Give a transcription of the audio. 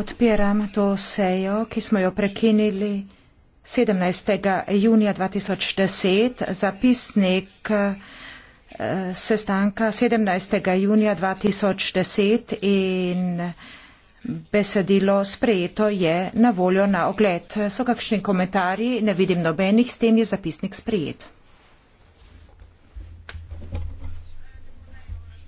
Odpiram to sejo, ki smo jo prekinili 17. junija 2010, zapisnik eh, sestanka 17. junija 2010 in besedilo sprejeto je na voljo na ogled. So kakšni komentarji? Ne vidim nobenih, s tem je zapisnik sprejet.